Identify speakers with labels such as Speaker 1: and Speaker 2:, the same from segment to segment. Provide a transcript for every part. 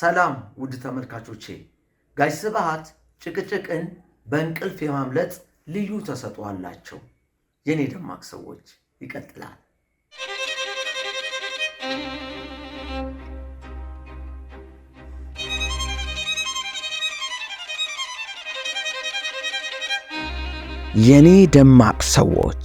Speaker 1: ሰላም ውድ ተመልካቾቼ፣ ጋሽ ስብሐት ጭቅጭቅን በእንቅልፍ የማምለጥ ልዩ ተሰጥኦ አላቸው። የኔ ደማቅ ሰዎች ይቀጥላል።
Speaker 2: የኔ ደማቅ ሰዎች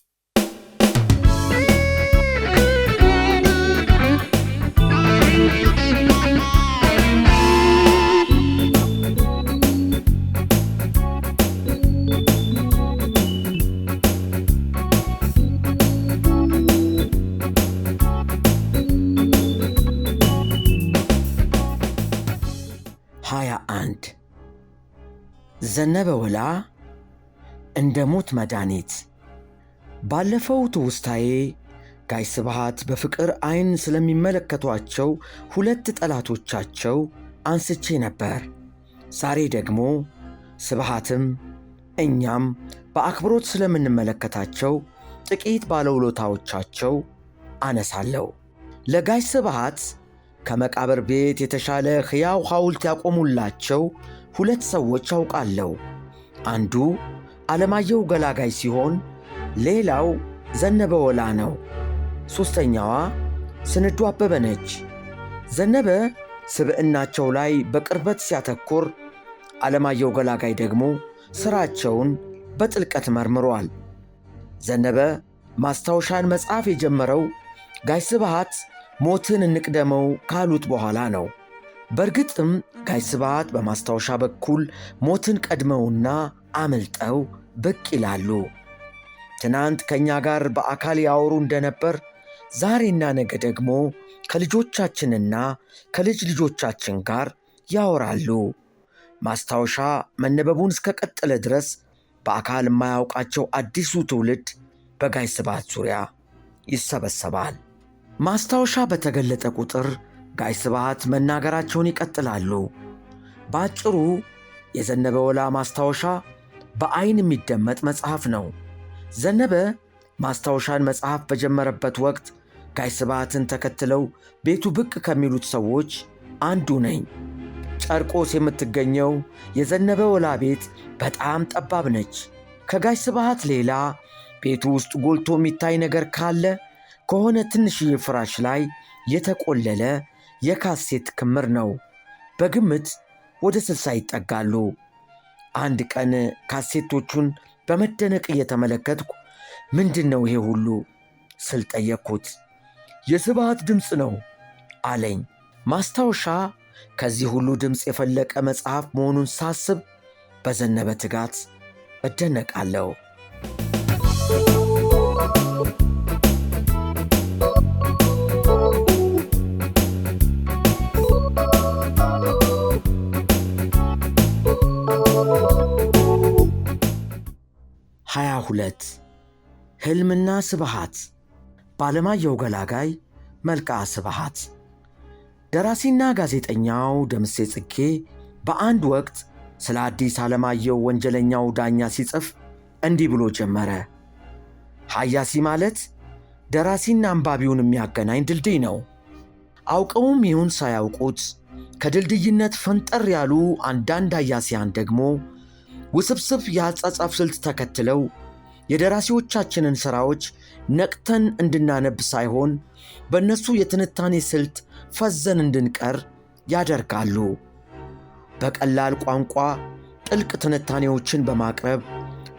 Speaker 3: ዘነበ ወላ እንደ ሞት መድኃኒት ባለፈው ትውስታዬ ጋሽ ስብሃት በፍቅር ዐይን ስለሚመለከቷቸው ሁለት ጠላቶቻቸው አንስቼ ነበር። ዛሬ ደግሞ ስብሃትም እኛም በአክብሮት ስለምንመለከታቸው ጥቂት ባለውሎታዎቻቸው አነሳለሁ። ለጋሽ ስብሃት ከመቃብር ቤት የተሻለ ሕያው ሐውልት ያቆሙላቸው ሁለት ሰዎች አውቃለሁ። አንዱ ዓለማየሁ ገላጋይ ሲሆን ሌላው ዘነበ ወላ ነው። ሦስተኛዋ ስንዱ አበበ ነች። ዘነበ ስብዕናቸው ላይ በቅርበት ሲያተኩር፣ ዓለማየሁ ገላጋይ ደግሞ ሥራቸውን በጥልቀት መርምሯል። ዘነበ ማስታወሻን መጽሐፍ የጀመረው ጋሽ ስብሃት ሞትን እንቅደመው ካሉት በኋላ ነው። በእርግጥም ጋይ በማስታወሻ በኩል ሞትን ቀድመውና አመልጠው ብቅ ይላሉ። ትናንት ከእኛ ጋር በአካል ያወሩ እንደነበር ዛሬና ነገ ደግሞ ከልጆቻችንና ከልጅ ልጆቻችን ጋር ያወራሉ። ማስታወሻ መነበቡን እስከቀጠለ ድረስ በአካል የማያውቃቸው አዲሱ ትውልድ በጋይ ስብዓት ዙሪያ ይሰበሰባል። ማስታወሻ በተገለጠ ቁጥር ጋሽ ስብሐት መናገራቸውን ይቀጥላሉ። በአጭሩ የዘነበ ወላ ማስታወሻ በዐይን የሚደመጥ መጽሐፍ ነው። ዘነበ ማስታወሻን መጽሐፍ በጀመረበት ወቅት ጋሽ ስብሐትን ተከትለው ቤቱ ብቅ ከሚሉት ሰዎች አንዱ ነኝ። ጨርቆስ የምትገኘው የዘነበ ወላ ቤት በጣም ጠባብ ነች። ከጋሽ ስብሐት ሌላ ቤቱ ውስጥ ጎልቶ የሚታይ ነገር ካለ ከሆነ ትንሽዬ ፍራሽ ላይ የተቆለለ የካሴት ክምር ነው። በግምት ወደ ስልሳ ይጠጋሉ። አንድ ቀን ካሴቶቹን በመደነቅ እየተመለከትኩ ምንድን ነው ይሄ ሁሉ ስል ጠየቅኩት። የስብሃት ድምፅ ነው አለኝ። ማስታወሻ ከዚህ ሁሉ ድምፅ የፈለቀ መጽሐፍ መሆኑን ሳስብ በዘነበ ትጋት እደነቃለሁ።
Speaker 4: ሁለት ሕልምና ስብሃት በዓለማየሁ ገላጋይ መልክዓ ስብሃት ደራሲና ጋዜጠኛው ደምሴ ጽጌ በአንድ ወቅት ስለ አዲስ አለማየሁ ወንጀለኛው ዳኛ ሲጽፍ እንዲህ ብሎ ጀመረ። ሐያሲ ማለት ደራሲና አንባቢውን የሚያገናኝ ድልድይ ነው። አውቀውም ይሁን ሳያውቁት ከድልድይነት ፈንጠር ያሉ አንዳንድ ሐያሲያን ደግሞ ውስብስብ የአጻጻፍ ስልት ተከትለው የደራሲዎቻችንን ሥራዎች ነቅተን እንድናነብ ሳይሆን በእነሱ የትንታኔ ስልት ፈዘን እንድንቀር ያደርጋሉ። በቀላል ቋንቋ ጥልቅ ትንታኔዎችን በማቅረብ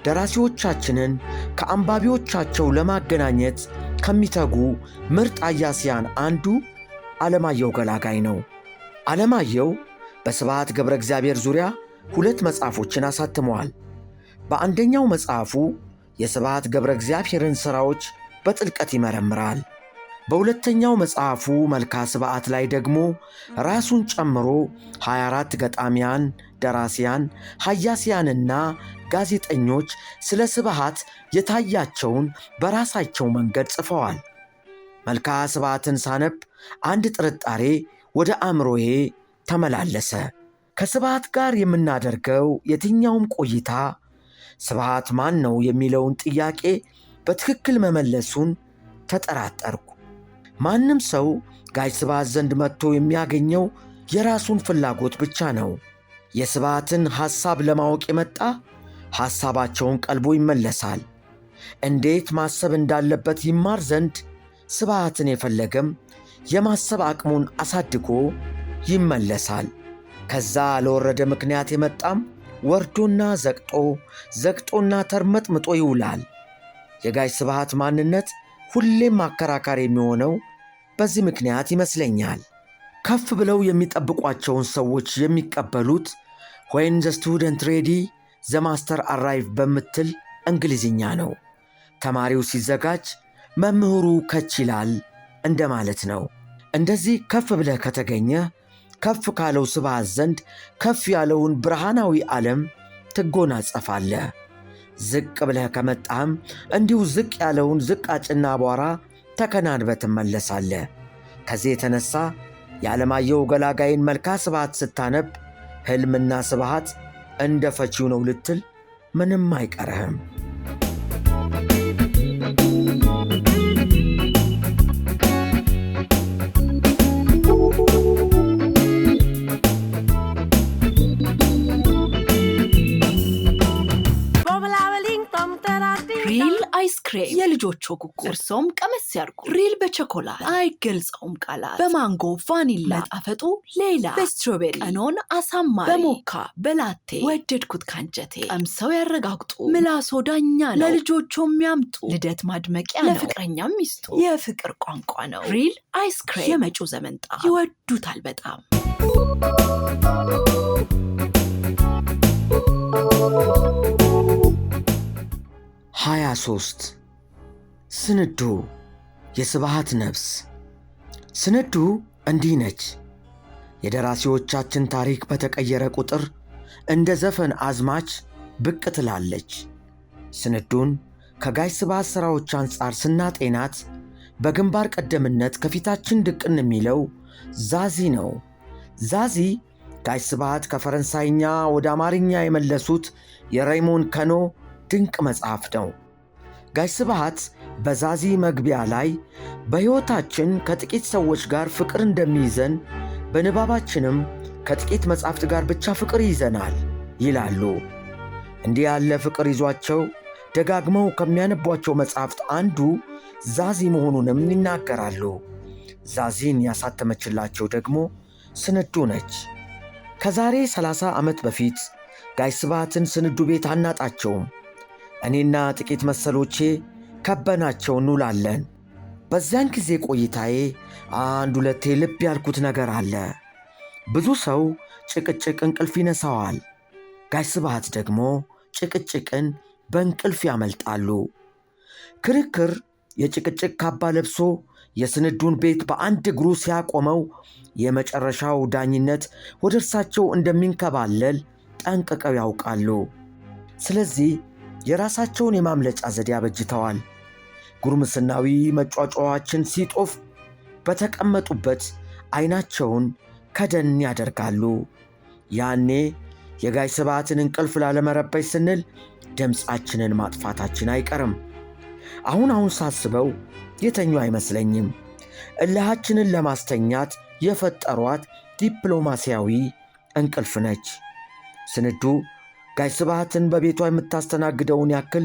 Speaker 4: ደራሲዎቻችንን ከአንባቢዎቻቸው ለማገናኘት ከሚተጉ ምርጥ አያሲያን አንዱ ዓለማየሁ ገላጋይ ነው። ዓለማየሁ በስብሐት ገብረ እግዚአብሔር ዙሪያ ሁለት መጽሐፎችን አሳትመዋል። በአንደኛው መጽሐፉ የስብሐት ገብረ እግዚአብሔርን ሥራዎች በጥልቀት ይመረምራል። በሁለተኛው መጽሐፉ መልካ ስብዓት ላይ ደግሞ ራሱን ጨምሮ 24 ገጣሚያን፣ ደራሲያን፣ ሐያሲያንና ጋዜጠኞች ስለ ስብሃት የታያቸውን በራሳቸው መንገድ ጽፈዋል። መልካ ስብዓትን ሳነብ አንድ ጥርጣሬ ወደ አእምሮዬ ተመላለሰ። ከስብዓት ጋር የምናደርገው የትኛውም ቆይታ ስብሃት ማን ነው የሚለውን ጥያቄ በትክክል መመለሱን ተጠራጠርኩ። ማንም ሰው ጋሽ ስብሃት ዘንድ መጥቶ የሚያገኘው የራሱን ፍላጎት ብቻ ነው። የስብሃትን ሐሳብ ለማወቅ የመጣ ሐሳባቸውን ቀልቦ ይመለሳል። እንዴት ማሰብ እንዳለበት ይማር ዘንድ ስብሃትን የፈለገም የማሰብ አቅሙን አሳድጎ ይመለሳል። ከዛ ለወረደ ምክንያት የመጣም ወርዶና ዘቅጦ ዘቅጦና ተርመጥምጦ ይውላል። የጋሽ ስብሃት ማንነት ሁሌም ማከራከር የሚሆነው በዚህ ምክንያት ይመስለኛል። ከፍ ብለው የሚጠብቋቸውን ሰዎች የሚቀበሉት ወይን ዘ ስቱደንት ሬዲ ዘ ማስተር አራይቭ በምትል እንግሊዝኛ ነው። ተማሪው ሲዘጋጅ መምህሩ ከች ይላል እንደማለት ነው። እንደዚህ ከፍ ብለህ ከተገኘ ከፍ ካለው ስብሐት ዘንድ ከፍ ያለውን ብርሃናዊ ዓለም ትጎናጸፋለህ። ዝቅ ብለህ ከመጣህም እንዲሁ ዝቅ ያለውን ዝቃጭና አቧራ ተከናንበ ትመለሳለህ። ከዚህ የተነሳ የዓለማየሁ ገላጋይን መልካ ስብሐት ስታነብ ሕልምና ስብሃት እንደ ፈቺው ነው ልትል ምንም አይቀርህም። ክሬም፣ የልጆቹ ጉጉር፣ እርሶም ቀመስ ያርጉ። ሪል በቸኮላት አይገልጸውም ቃላት፣ በማንጎ ቫኒላ
Speaker 5: መጣፈጡ ሌላ፣ በስትሮቤሪ ቀኖን አሳማሪ፣ በሞካ በላቴ ወደድኩት ካንጀቴ። ቀምሰው ያረጋግጡ፣ ምላሶ ዳኛ ነው። ለልጆቹ የሚያምጡ ልደት ማድመቂያ ነው፣ ለፍቅረኛ ሚስጡ የፍቅር ቋንቋ ነው። ሪል አይስክሬም የመጪው ዘመን ጣዕም ይወዱታል በጣም። ሀያ ሶስት ስንዱ የስብሃት ነፍስ ስንዱ እንዲህ ነች። የደራሲዎቻችን ታሪክ በተቀየረ ቁጥር እንደ ዘፈን አዝማች ብቅ ትላለች። ስንዱን ከጋሽ ስብሃት ሥራዎች አንጻር ስናጤናት በግንባር ቀደምትነት ከፊታችን ድቅን የሚለው ዛዚ ነው። ዛዚ ጋሽ ስብሃት ከፈረንሳይኛ ወደ አማርኛ የመለሱት የሬይሞን ከኖ ድንቅ መጽሐፍ ነው። ጋሽ ስብሃት በዛዚ መግቢያ ላይ በሕይወታችን ከጥቂት ሰዎች ጋር ፍቅር እንደሚይዘን በንባባችንም ከጥቂት መጻሕፍት ጋር ብቻ ፍቅር ይዘናል ይላሉ። እንዲህ ያለ ፍቅር ይዟቸው ደጋግመው ከሚያነቧቸው መጻሕፍት አንዱ ዛዚ መሆኑንም ይናገራሉ። ዛዚን ያሳተመችላቸው ደግሞ ስንዱ ነች። ከዛሬ 30 ዓመት በፊት ጋይ ስብሐትን ስንዱ ቤት አናጣቸውም። እኔና ጥቂት መሰሎቼ ከበናቸው እንውላለን። በዚያን ጊዜ ቆይታዬ አንድ ሁለቴ ልብ ያልኩት ነገር አለ። ብዙ ሰው ጭቅጭቅ እንቅልፍ ይነሳዋል። ጋሽ ስብሃት ደግሞ ጭቅጭቅን በእንቅልፍ ያመልጣሉ። ክርክር የጭቅጭቅ ካባ ለብሶ የስንዱን ቤት በአንድ እግሩ ሲያቆመው የመጨረሻው ዳኝነት ወደ እርሳቸው እንደሚንከባለል ጠንቅቀው ያውቃሉ። ስለዚህ የራሳቸውን የማምለጫ ዘዴ አበጅተዋል። ጉርምስናዊ መጫጫዋችን ሲጦፍ በተቀመጡበት ዐይናቸውን ከደን ያደርጋሉ። ያኔ የጋይ ስብዓትን እንቅልፍ ላለመረበሽ ስንል ድምፃችንን ማጥፋታችን አይቀርም። አሁን አሁን ሳስበው የተኙ አይመስለኝም። እልሃችንን ለማስተኛት የፈጠሯት ዲፕሎማሲያዊ እንቅልፍ ነች። ስንዱ ጋሽ ስብሃትን በቤቷ የምታስተናግደውን ያክል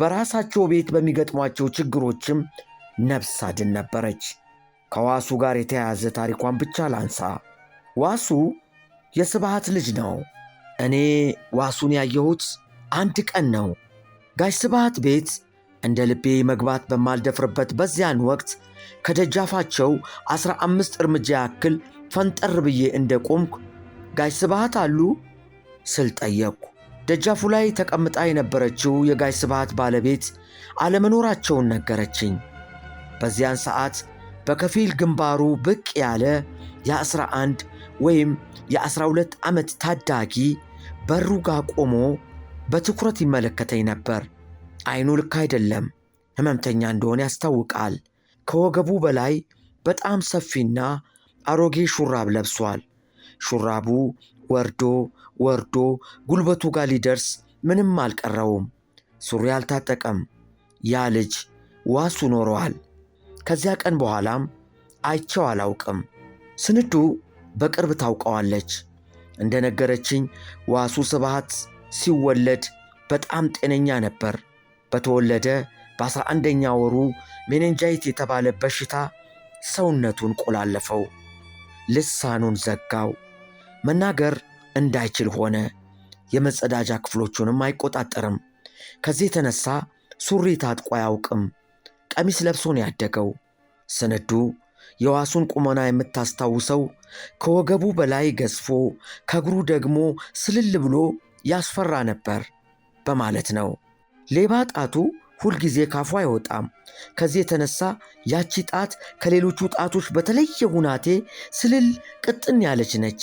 Speaker 5: በራሳቸው ቤት በሚገጥሟቸው ችግሮችም ነፍስ አድን ነበረች። ከዋሱ ጋር የተያያዘ ታሪኳን ብቻ ላንሳ። ዋሱ የስብሃት ልጅ ነው። እኔ ዋሱን ያየሁት አንድ ቀን ነው። ጋሽ ስብሃት ቤት እንደ ልቤ መግባት በማልደፍርበት በዚያን ወቅት ከደጃፋቸው ዐሥራ አምስት እርምጃ ያክል ፈንጠር ብዬ እንደ ቆምኩ ጋሽ ስብሃት አሉ ስል ጠየቅኩ። ደጃፉ ላይ ተቀምጣ የነበረችው የጋሽ ስብሃት ባለቤት አለመኖራቸውን ነገረችኝ። በዚያን ሰዓት በከፊል ግንባሩ ብቅ ያለ የ11 ወይም የ12 ዓመት ታዳጊ በሩ ጋር ቆሞ በትኩረት ይመለከተኝ ነበር። ዐይኑ ልክ አይደለም፣ ሕመምተኛ እንደሆነ ያስታውቃል። ከወገቡ በላይ በጣም ሰፊና አሮጌ ሹራብ ለብሷል። ሹራቡ ወርዶ ወርዶ ጉልበቱ ጋር ሊደርስ ምንም አልቀረውም። ሱሪ አልታጠቀም። ያ ልጅ ዋሱ ኖረዋል። ከዚያ ቀን በኋላም አይቸው አላውቅም። ስንዱ በቅርብ ታውቀዋለች። እንደነገረችኝ ዋሱ ስብሃት ሲወለድ በጣም ጤነኛ ነበር። በተወለደ በአስራ አንደኛ ወሩ ሜኔንጃይት የተባለ በሽታ ሰውነቱን ቆላለፈው፣ ልሳኑን ዘጋው። መናገር እንዳይችል ሆነ። የመጸዳጃ ክፍሎቹንም አይቆጣጠርም። ከዚህ የተነሳ ሱሪ ታጥቆ አያውቅም። ቀሚስ ለብሶን ያደገው። ስንዱ የዋሱን ቁመና የምታስታውሰው ከወገቡ በላይ ገዝፎ ከእግሩ ደግሞ ስልል ብሎ ያስፈራ ነበር በማለት ነው። ሌባ ጣቱ ሁልጊዜ ካፉ አይወጣም። ከዚህ የተነሳ ያቺ ጣት ከሌሎቹ ጣቶች በተለየ ሁናቴ ስልል ቅጥን ያለች ነች።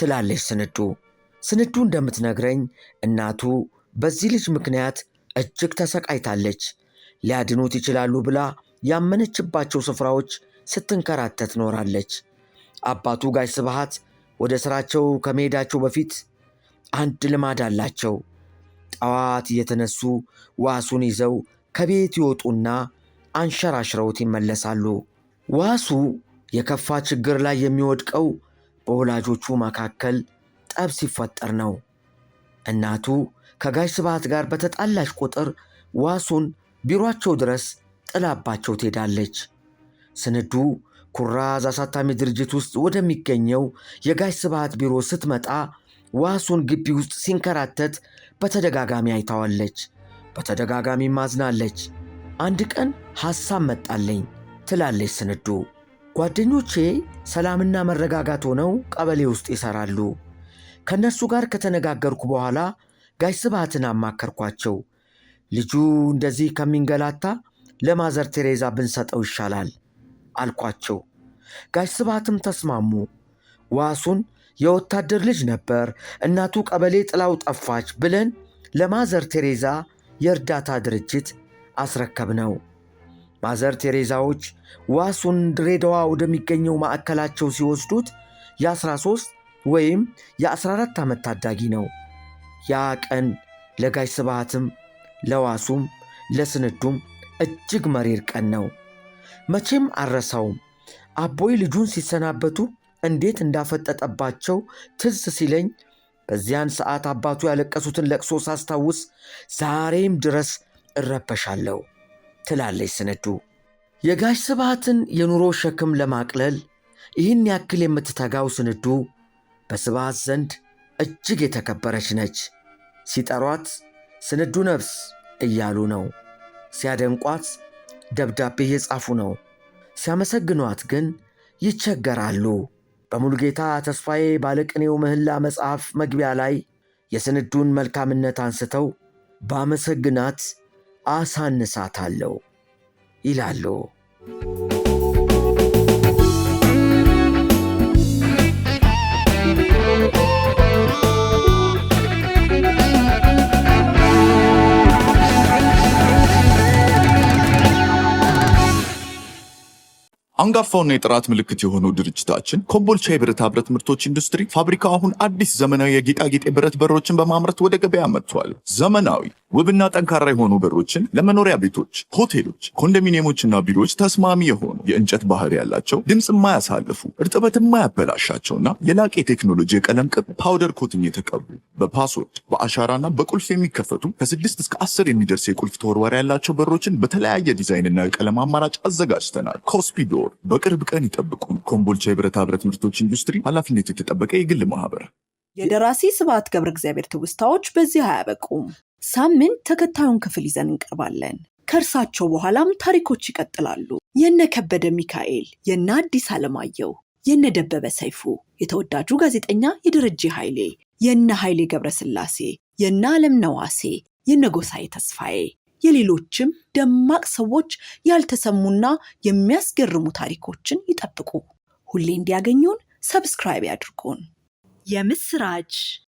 Speaker 5: ትላለች ስንዱ። ስንዱ እንደምትነግረኝ እናቱ በዚህ ልጅ ምክንያት እጅግ ተሰቃይታለች። ሊያድኑት ይችላሉ ብላ ያመነችባቸው ስፍራዎች ስትንከራተት ኖራለች። አባቱ ጋሽ ስብሃት ወደ ሥራቸው ከመሄዳቸው በፊት አንድ ልማድ አላቸው። ጠዋት እየተነሱ ዋሱን ይዘው ከቤት ይወጡና አንሸራሽረውት ይመለሳሉ። ዋሱ የከፋ ችግር ላይ የሚወድቀው በወላጆቹ መካከል ጠብ ሲፈጠር ነው። እናቱ ከጋሽ ስብዓት ጋር በተጣላሽ ቁጥር ዋሱን ቢሯቸው ድረስ ጥላባቸው ትሄዳለች። ስንዱ ኩራዝ አሳታሚ ድርጅት ውስጥ ወደሚገኘው የጋሽ ስብዓት ቢሮ ስትመጣ ዋሱን ግቢ ውስጥ ሲንከራተት በተደጋጋሚ አይታዋለች። በተደጋጋሚ ማዝናለች። አንድ ቀን ሐሳብ መጣለኝ ትላለች ስንዱ። ጓደኞቼ ሰላምና መረጋጋት ሆነው ቀበሌ ውስጥ ይሰራሉ። ከእነርሱ ጋር ከተነጋገርኩ በኋላ ጋሽ ስብሃትን አማከርኳቸው። ልጁ እንደዚህ ከሚንገላታ ለማዘር ቴሬዛ ብንሰጠው ይሻላል አልኳቸው። ጋሽ ስብሃትም ተስማሙ። ዋሱን የወታደር ልጅ ነበር፣ እናቱ ቀበሌ ጥላው ጠፋች ብለን ለማዘር ቴሬዛ የእርዳታ ድርጅት አስረከብነው። ማዘር ቴሬዛዎች ዋሱን ድሬዳዋ ወደሚገኘው ማዕከላቸው ሲወስዱት የ13 ወይም የ14 ዓመት ታዳጊ ነው። ያ ቀን ለጋሽ ስብሃትም ለዋሱም ለስንዱም እጅግ መሪር ቀን ነው። መቼም አልረሳውም። አቦይ ልጁን ሲሰናበቱ እንዴት እንዳፈጠጠባቸው ትዝ ሲለኝ በዚያን ሰዓት አባቱ ያለቀሱትን ለቅሶ ሳስታውስ ዛሬም ድረስ እረበሻለሁ። ትላለች ስንዱ። የጋሽ ስብሃትን የኑሮ ሸክም ለማቅለል ይህን ያክል የምትተጋው ስንዱ በስብሃት ዘንድ እጅግ የተከበረች ነች። ሲጠሯት ስንዱ ነፍስ እያሉ ነው። ሲያደንቋት ደብዳቤ እየጻፉ ነው። ሲያመሰግኗት ግን ይቸገራሉ። በሙሉጌታ ተስፋዬ ባለቅኔው ምህላ መጽሐፍ መግቢያ ላይ የስንዱን መልካምነት አንስተው ባመሰግናት አሳንሳታለሁ ይላሉ።
Speaker 6: አንጋፋውና የጥራት ምልክት የሆነው ድርጅታችን ኮምቦልቻ የብረታ ብረት ምርቶች ኢንዱስትሪ ፋብሪካ አሁን አዲስ ዘመናዊ የጌጣጌጥ የብረት በሮችን በማምረት ወደ ገበያ መጥቷል። ዘመናዊ ውብና ጠንካራ የሆኑ በሮችን ለመኖሪያ ቤቶች፣ ሆቴሎች፣ ኮንዶሚኒየሞችና ቢሮዎች ተስማሚ የሆኑ የእንጨት ባህር ያላቸው ድምፅ የማያሳልፉ እርጥበት የማያበላሻቸውና የላቅ የቴክኖሎጂ የቀለም ቅብ ፓውደር ኮትኝ የተቀቡ በፓስወርድ በአሻራና በቁልፍ የሚከፈቱ ከስድስት እስከ አስር የሚደርስ የቁልፍ ተወርዋር ያላቸው በሮችን በተለያየ ዲዛይንና የቀለም አማራጭ አዘጋጅተናል። ኮስፒዶ ፎር በቅርብ ቀን ይጠብቁ። ኮምቦልቻ የብረታ ብረት ምርቶች ኢንዱስትሪ ኃላፊነቱ የተጠበቀ የግል ማህበር።
Speaker 7: የደራሲ ስብሐት ገብረ እግዚአብሔር ትውስታዎች በዚህ አያበቁም። ሳምንት ተከታዩን ክፍል ይዘን እንቀርባለን። ከእርሳቸው በኋላም ታሪኮች ይቀጥላሉ። የነ ከበደ ሚካኤል፣ የነ አዲስ አለማየሁ፣ የነ ደበበ ሰይፉ፣ የተወዳጁ ጋዜጠኛ የደረጀ ኃይሌ፣ የነ ኃይሌ ገብረስላሴ፣ የነ አለም ነዋሴ፣ የነ ጎሳዬ ተስፋዬ የሌሎችም ደማቅ ሰዎች ያልተሰሙና የሚያስገርሙ ታሪኮችን ይጠብቁ። ሁሌ እንዲያገኙን ሰብስክራይብ ያድርጉን።
Speaker 8: የምስራች